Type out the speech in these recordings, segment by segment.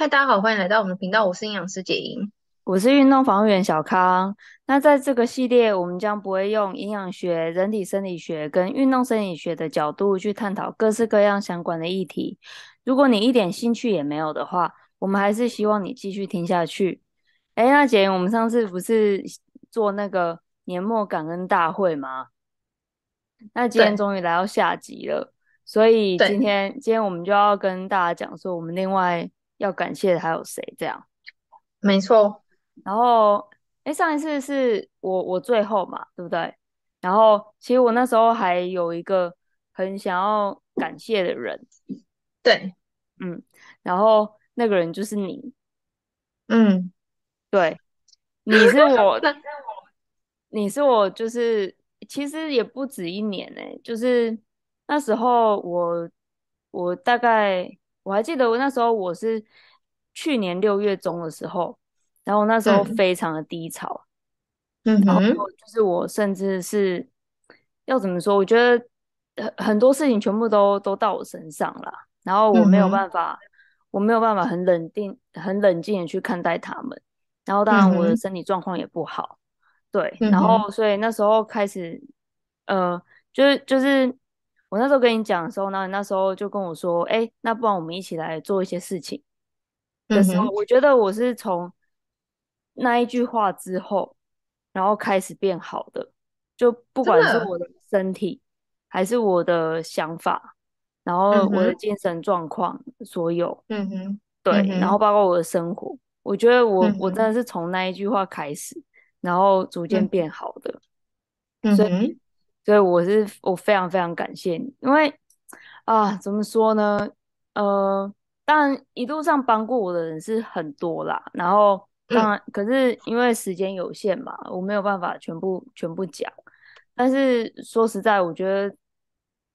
嗨，大家好，歡迎來到我們的頻道。我是營養師杰盈，我是運動防護員小康。那在這個系列，我們將不會用營養學、人體生理學跟運動生理學的角度去探討各式各樣相關的議題。如果你一點興趣也沒有的話，我們還是希望你繼續聽下去。哎，那杰盈，我們上次不是做那個年末感恩大會嗎？那今天終於來到下集了，所以今天今天我們就要跟大家講說，我們另外。要感謝還有誰？這樣，沒錯。然後，哎，上一次是我我最後嘛，對不對？然後，其實我那時候還有一個很想要感謝的人。對，嗯。然後那個人就是你。嗯，對，你是我， 你是我，就是其實也不止一年呢。就是那時候我我大概。我還記得我那時候我是去年六月中的時候，然後那時候非常的低潮，嗯，然後就是我甚至是、嗯、要怎麼說，我覺得很很多事情全部都都到我身上了，然後我沒有辦法，嗯、我沒有辦法很冷靜很冷靜的去看待他們，然後當然我的身體狀況也不好、嗯，對，然後所以那時候開始，呃，就是就是。我那時候跟你講的時候，那你那時候就跟我說：“哎、欸，那不然我們一起來做一些事情。”的時候、嗯，我覺得我是從那一句話之後，然後開始變好的。就不管是我的身體，還是我的想法，然後我的精神狀況，所有嗯，嗯哼，對，然後包括我的生活，我覺得我、嗯、我真的是從那一句話開始，然後逐漸變好的。嗯，所以。所以我是我非常非常感謝你，因為啊，怎麼說呢？呃，當然一路上幫過我的人是很多啦。然後當然，可是因為時間有限嘛，我沒有辦法全部全部講。但是說實在，我覺得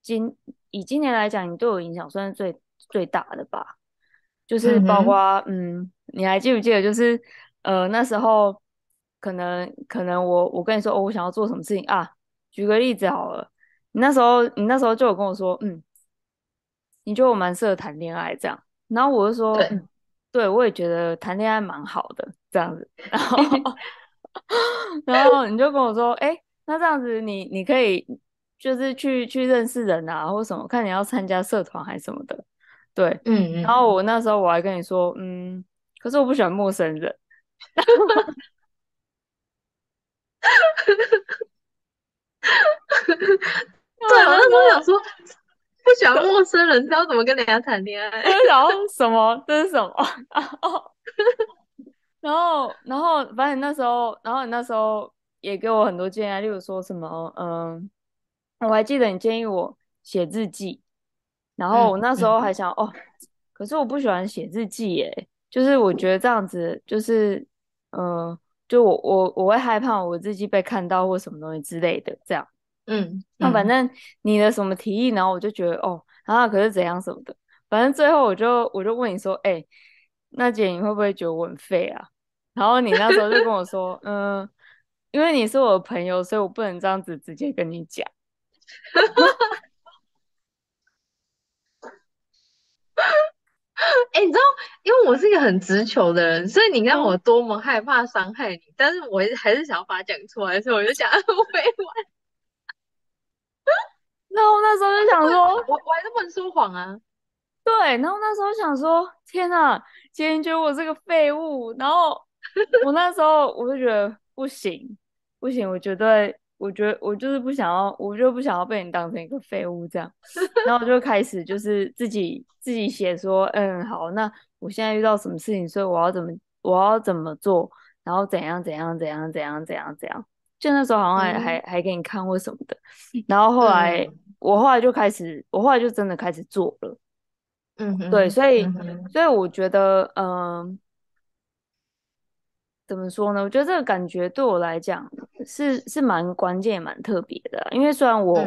今以今年來講，你對我影響算是最最大的吧。就是包括嗯，嗯，嗯，你還記不記得？就是呃那時候可能可能我我跟你說哦，我想要做什麼事情啊？舉個例子好了，你那時候，你那時候就有跟我說，嗯，你覺得我蠻適合談戀愛這樣，然後我就說，對，對我也覺得談戀愛蠻好的這樣子，然後， 然後你就跟我說，哎、欸，那這樣子你你可以就是去去認識人啊，或什麼，看你要參加社團還是什麼的，對，嗯嗯，然後我那時候我還跟你說，嗯，可是我不喜歡陌生人。 對，我、啊、那時候想說、啊、不喜歡陌生人， 知道怎麼跟人家談戀愛。 然後什麼？這是什麼、啊哦、 然後然後反正你那時候，然後你那時候也給我很多建議，例如說什麼，嗯、呃，我還記得你建議我寫日記，然後我那時候還想，嗯、哦、嗯，可是我不喜歡寫日記耶。就是我覺得這樣子，就是嗯。呃就我我我會害怕我自己被看到或什麼東西之類的，這樣。嗯，那、啊、反正你的什麼提議，嗯、然後我就覺得哦，然後、啊、可是怎樣什麼的，反正最後我就我就問你說，哎、欸，那姐你會不會覺得我很廢啊？然後你那時候就跟我說，嗯、 呃，因為你是我的朋友，所以我不能這樣子直接跟你講。哈哈哈。哎，你知道？因為我是一個很直球的人，所以你看我多麼害怕傷害你、嗯，但是我還是想要把它講出來，所以我就想安慰完。 然後我那時候就想說，我我，我還是不能說謊啊。對，然後我那時候想說，天哪、啊，姐姐覺得我是個廢物。然後我那時候我就覺得不行， 不行，我絕對。我覺得我就是不想要，我就不想要被你當成一個廢物這樣。然後我就開始就是自己 自己寫說，嗯，好，那我現在遇到什麼事情，所以我要怎麼我要怎麼做，然後怎樣怎樣怎樣怎樣怎樣怎樣。就那時候好像還、嗯、還還給你看過什麼的。然後後來、嗯、我後來就開始，我後來就真的開始做了。嗯哼，對，所以所以我覺得，嗯、呃。怎麼說呢？我覺得這個感覺對我來講是是蠻關鍵蠻特別的、啊，因為雖然我，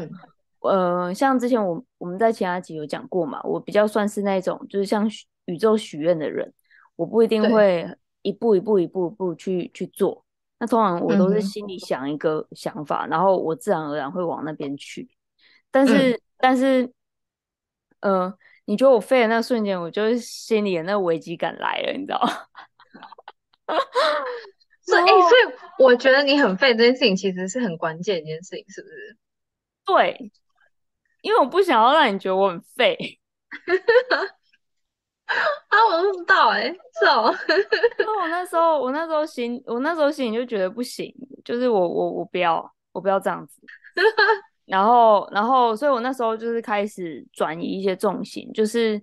嗯、呃，像之前我我們在其他集有講過嘛，我比較算是那種就是像宇宙許願的人，我不一定會一步一步一步一步去去做，那通常我都是心裡想一個想法，嗯、然後我自然而然會往那邊去。但是、嗯、但是，呃，你覺得我廢的那瞬間，我就是心裡的那個危機感來了，你知道嗎？所 以、so, 欸，所以我覺得你很廢，這件事情其實是很關鍵一件事情，是不是？對，因為我不想要讓你覺得我很廢。啊、 欸，我都不知道哎，是哦。那我那時候，我那時候心，我那時候心裡就覺得不行，就是我我我不要，我不要這樣子。 然後，然後，所以我那時候就是開始轉移一些重心，就是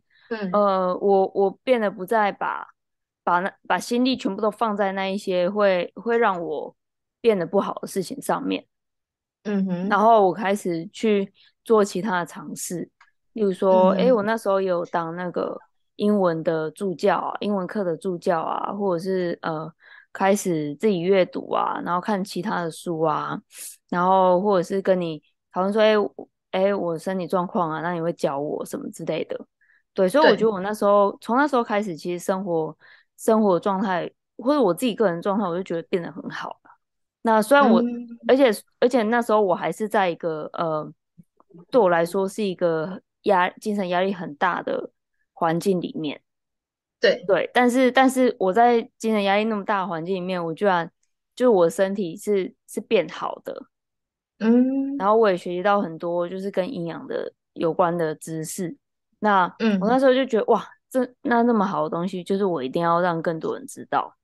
呃，我我變得不再把。把那把心力全部都放在那一些會會讓我變得不好的事情上面，嗯哼，然後我開始去做其他的嘗試，例如說，誒、mm -hmm. 欸，我那時候有當那個英文的助教啊，英文課的助教啊，或者是呃，開始自己閱讀啊，然後看其他的書啊，然後或者是跟你討論說，誒，誒，我身體狀況啊，那你會教我什麼之類的，對，所以我覺得我那時候從那時候開始，其實生活。生活狀態或者我自己個人狀態，我就覺得變得很好了，啊。那雖然我，嗯，而且而且那時候我還是在一個呃，對我來說是一個壓精神壓力很大的環境裡面。對對，但是但是我在精神壓力那麼大的環境裡面，我居然就是我身體是是變好的。嗯，然後我也學習到很多就是跟營養的有關的知識。那我那時候就覺得，嗯，哇。那那麼好的東西，就是我一定要讓更多人知道。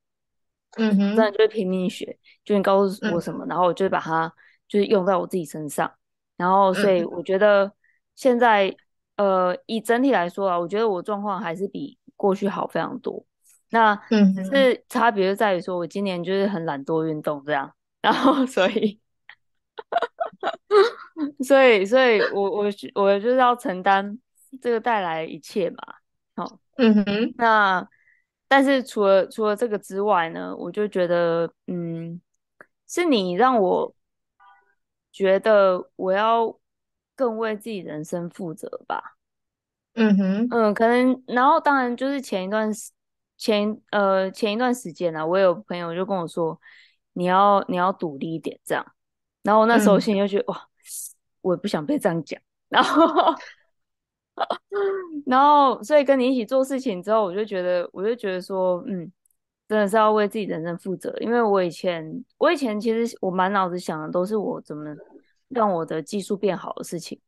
嗯哼，不然就會拼命學，就你告訴我什麼，mm -hmm. 然後我就把它就是用在我自己身上。然後，所以我覺得現在呃，以整體來說啊，我覺得我狀況還是比過去好非常多。那嗯，是差別就在於說，我今年就是很懶惰，運動這樣。然後，所以， 所以，所以我我我就是要承擔這個帶來一切嘛。好、哦。嗯哼，那但是除了除了這個之外呢，我就覺得，嗯，是你讓我覺得我要更為自己人生負責吧。嗯哼，嗯，可能，然後當然就是前一段時前呃前一段時間呢、啊，我有朋友就跟我說，你要你要獨立一點這樣，然後那時候我先就覺得、mm -hmm. 哇，我也不想被這樣講，然後。 然後，所以跟你一起做事情之後，我就覺得，我就覺得說，嗯，真的是要為自己人生負責。因為我以前，我以前其實我滿腦子想的都是我怎麼讓我的技術變好的事情，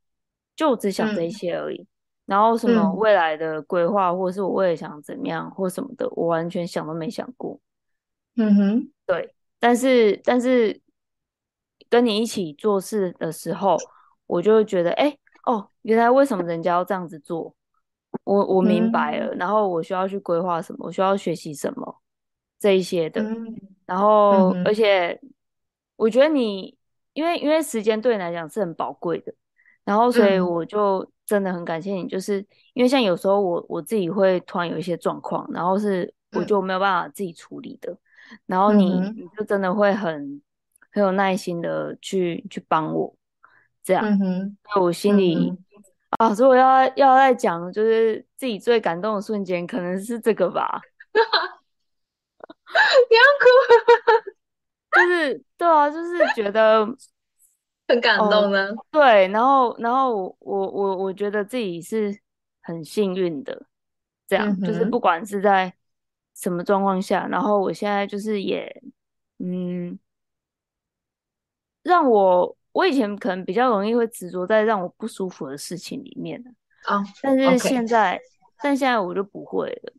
就只想這些而已、嗯。然後什麼未來的規劃、嗯，或者是我未來想怎麼樣，或什麼的，我完全想都沒想過。嗯哼，對。但是，但是跟你一起做事的時候，我就覺得，哎、欸。哦，原來為什麼人家要這樣子做，我我明白了、嗯。然後我需要去規劃什麼，我需要學習什麼這一些的。嗯、然後，嗯、而且我覺得你，因為因為時間對你來講是很寶貴的，然後所以我就真的很感謝你。就是、嗯、因為像有時候我我自己會突然有一些狀況，然後是我就沒有辦法自己處理的，然後你你就真的會很很有耐心的去去幫我。這樣，在、嗯、我心裡、嗯、啊，如果要要再講，就是自己最感動的瞬間，可能是這個吧。 你要哭？就是對啊，就是覺得 很感動呢、哦，對，然後，然後我我我，我覺得自己是很幸運的。這樣、嗯，就是不管是在什麼狀況下，然後我現在就是也嗯，讓我。我以前可能比較容易會執着在讓我不舒服的事情裡面啊，oh, 但是現在，okay. 但現在我就不會了，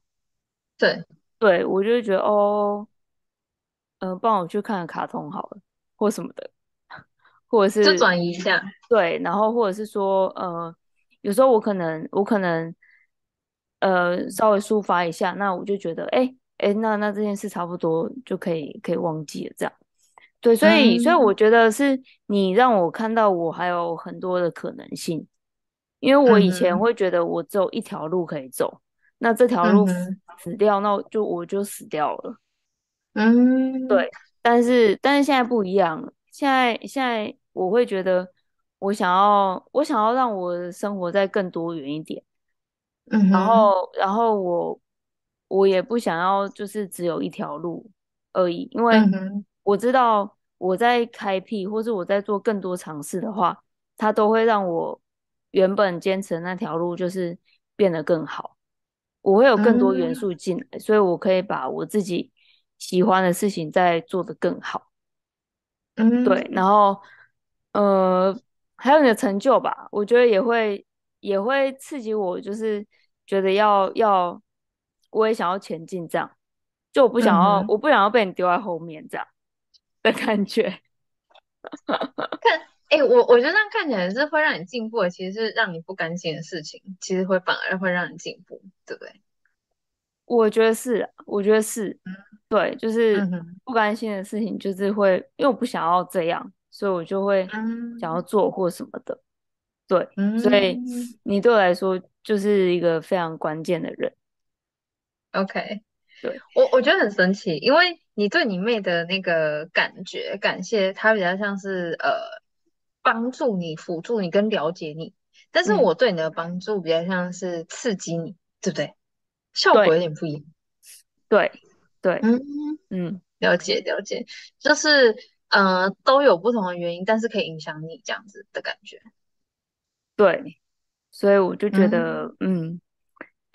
對，對我就會覺得哦，嗯、呃，幫我去看個卡通好了，或什麼的，或者是轉移一下，對，然後或者是說，呃，有時候我可能，我可能，呃，稍微抒發一下，那我就覺得，哎、欸，哎、欸，那那這件事差不多就可以可以忘記了，這樣。對，所以、嗯、所以我覺得是你讓我看到我還有很多的可能性，因為我以前會覺得我只有一條路可以走，嗯、那這條路死、嗯、死掉，那我就我就死掉了。嗯，對。但是但是現在不一樣，現在現在我會覺得我想要我想要讓我的生活再更多元一點。嗯，然後然後我我也不想要就是只有一條路而已，因為我知道。我在開闢，或是我在做更多嘗試的話，它都會讓我原本堅持的那條路就是變得更好。我會有更多元素進來、嗯，所以我可以把我自己喜歡的事情再做得更好。嗯，對。然後，呃，還有你的成就吧，我覺得也會也會刺激我，就是覺得要要，我也想要前進這樣，就我不想要、嗯，我不想要被你丟在後面這樣的感覺， 看，哎、欸，我我覺得這樣看起來是會讓你進步的，其實是讓你不甘心的事情，其實會反而會讓你進步，對不對？我覺得是，我覺得是、嗯、對，就是不甘心的事情，就是會，因為我不想要這樣，所以我就會想要做或什麼的，對，嗯、所以你對我來說就是一個非常關鍵的人。OK。對，我我覺得很神奇，因為你對你妹的那個感覺、感謝，她比較像是呃幫助你、輔助你跟了解你，但是我對你的幫助比較像是刺激你，嗯、對不對？效果有點不一樣。對對，嗯嗯，了解了解，就是呃都有不同的原因，但是可以影響你這樣子的感覺。對，所以我就覺得嗯。嗯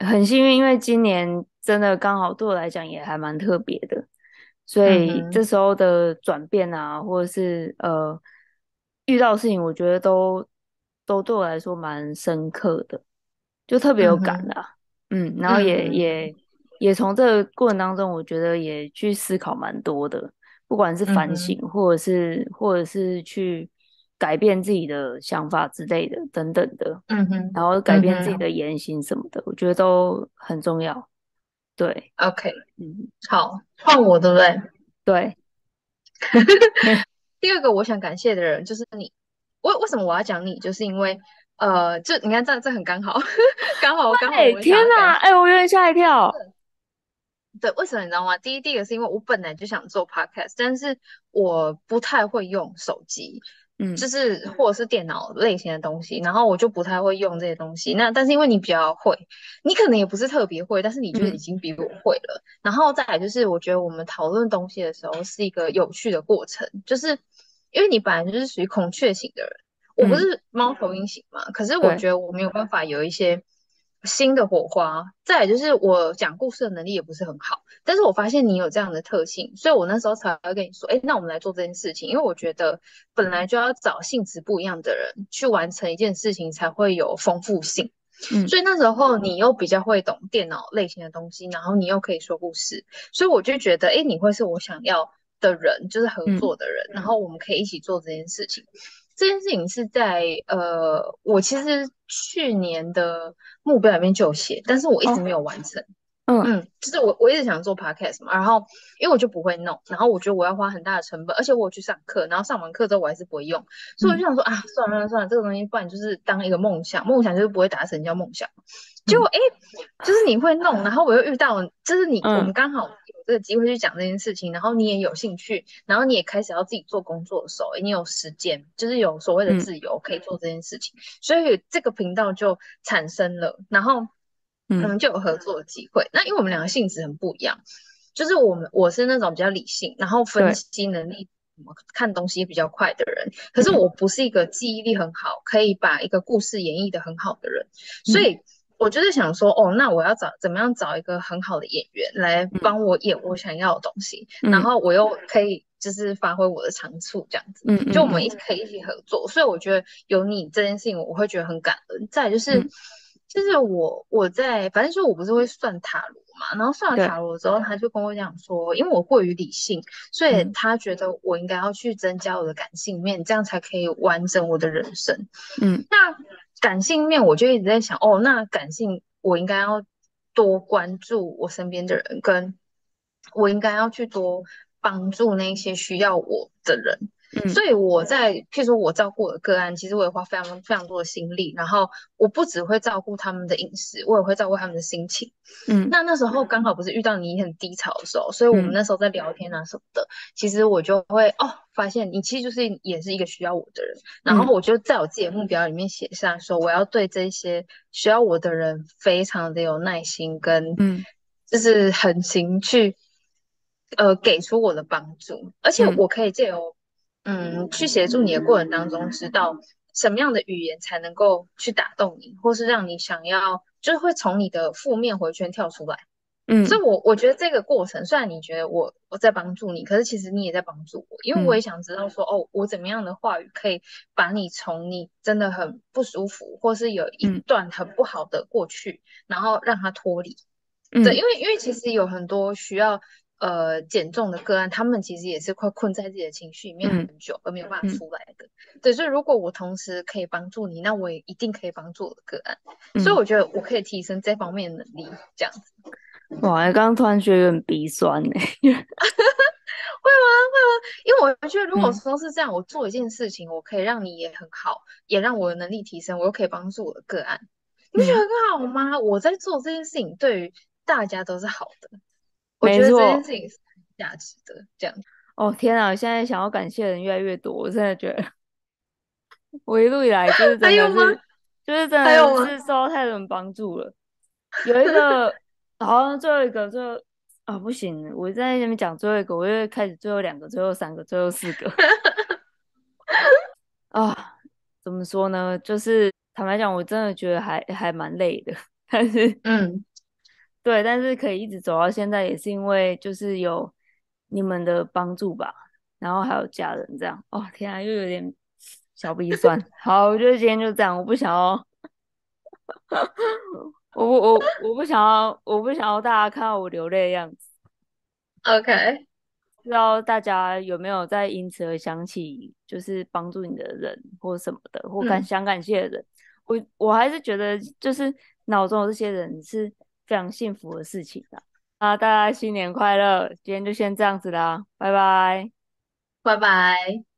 很幸運，因為今年真的剛好對我來講也還蠻特別的，所以這時候的轉變啊、嗯，或者是呃遇到事情，我覺得都都對我來說蠻深刻的，就特別有感的、啊嗯，嗯，然後也、嗯、也也從這個過程當中，我覺得也去思考蠻多的，不管是反省或者是、嗯，或者是或者是去。改變自己的想法之類的，等等的，嗯哼，然後改變自己的言行什麼的，嗯、我覺得都很重要。對，OK，嗯，好，換我對不對？對。 第二個我想感謝的人就是你。為為什麼我要講你？就是因為，呃，這你看這，這這很剛好，剛好剛好。哎，剛好我天哪、啊！哎、欸，我有點嚇一跳。對，為什麼你知道嗎？第一，第一個是因為我本來就想做 Podcast，但是我不太會用手機。嗯，就是或者是電腦類型的東西，然後我就不太會用這些東西。那但是因為你比較會，你可能也不是特別會，但是你覺得已經比我會了。嗯、然後再來就是，我覺得我們討論東西的時候是一個有趣的過程，就是因為你本來就是屬於孔雀型的人，我不是貓頭鷹型嘛、嗯。可是我覺得我沒有辦法有一些。新的火花，再來就是我講故事的能力也不是很好，但是我發現你有這樣的特性，所以我那時候才會跟你說，哎、欸，那我們來做這件事情，因為我覺得本來就要找性質不一樣的人去完成一件事情才會有豐富性、嗯。所以那時候你又比較會懂電腦類型的東西、嗯，然後你又可以說故事，所以我就覺得，哎、欸，你會是我想要的人，就是合作的人，嗯、然後我們可以一起做這件事情。這件事情是在呃，我其實去年的目標裡面就有寫，但是我一直沒有完成。哦、嗯嗯，就是我我一直想做 podcast 嘛，然後因為我就不會弄，然後我覺得我要花很大的成本，而且我去上課，然後上完課之後我還是不會用，所以我就想說、嗯、啊，算了算了，這個東西不然就是當一個夢想，夢想就是不會達成叫夢想。結果哎、嗯，就是你會弄，然後我又遇到，就是你、嗯、我們剛好。這個機會去講這件事情，然後你也有興趣，然後你也開始要自己做工作的時候，你有時間，就是有所謂的自由，可以做這件事情、嗯，所以這個頻道就產生了，然後可能就有合作的機會、嗯。那因為我們兩個性質很不一樣，就是我們我是那種比較理性，然後分析能力、看東西也比較快的人，可是我不是一個記憶力很好，嗯、可以把一個故事演繹得很好的人，所以。嗯我就是想說，哦，那我要找怎麼樣找一個很好的演員來幫我演我想要的東西、嗯，然後我又可以就是發揮我的長處，這樣子，嗯、就我們一起可以一起合作、嗯。所以我覺得有你這件事情，我會覺得很感恩。再就是、嗯，就是我我在，反正就我不是會算塔羅。然後算完卡羅之後，他就跟我講說，因為我過於理性，所以他覺得我應該要去增加我的感性面、嗯，這樣才可以完整我的人生。嗯，那感性面我就一直在想，哦，那感性我應該要多關注我身邊的人，跟我應該要去多幫助那些需要我的人。嗯、所以我在譬如說我照顧我的個案，其實我也花非常非常多的心力。然後我不只會照顧他們的飲食，我也會照顧他們的心情。嗯，那那時候剛好不是遇到你很低潮的時候，所以我們那時候在聊天啊、嗯、什麼的，其實我就會哦發現你其實就是也是一個需要我的人。然後我就在我自己的目標裡面寫下說，我要對這些需要我的人非常的有耐心跟嗯，就是狠心去呃給出我的幫助，而且我可以借由、嗯。嗯，去協助你的過程當中，知道什麼樣的語言才能夠去打動你，或是讓你想要，就是會從你的負面回圈跳出來。嗯，所以我我覺得這個過程，雖然你覺得我我在幫助你，可是其實你也在幫助我，因為我也想知道說、嗯，哦，我怎麼樣的話語可以把你從你真的很不舒服，或是有一段很不好的過去，嗯、然後讓它脫離。嗯，對，因為因為其實有很多需要。呃，減重的個案，他們其實也是會困在自己的情緒裡面很久，嗯，而沒有辦法出來的。嗯、對，所以如果我同時可以幫助你，那我也一定可以幫助我的個案，嗯。所以我覺得我可以提升這方面的能力，這樣子。哇，剛、欸、剛突然覺得有點鼻酸呢，欸。 會嗎？會嗎？因為我覺得如果說是這樣，嗯，我做一件事情，我可以讓你也很好，也讓我的能力提升，我又可以幫助我的個案。你覺得很好嗎？嗯，我在做這件事情，對於大家都是好的。沒錯，我覺得這件事情是很價值的。這樣哦，天啊，我現在想要感謝的人越來越多，我真的覺得我一路以來就是真的是還有嗎，就是真的是受到太多人幫助了。還有嗎？有一個，好 像、哦、最後一個，最後啊、哦，不行，我在那邊講最後一個，我又開始最後兩個，最後三個，最後四個 啊，怎麼說呢？就是坦白講，我真的覺得還還蠻累的，但是嗯。對，但是可以一直走到現在，也是因為就是有你們的幫助吧，然後還有家人這樣。哦，天啊，又有點小鼻酸。 好，我覺得今天就這樣，我不想要， 我不我我，我不想要，我不想要大家看到我流淚的樣子。OK，嗯，不知道大家有沒有在因此而想起，就是幫助你的人或什麼的，或感想感謝的人。嗯，我我還是覺得，就是腦中的這些人是。非常幸福的事情的啊，啊，大家新年快樂，今天就先這樣子啦，拜拜，拜拜。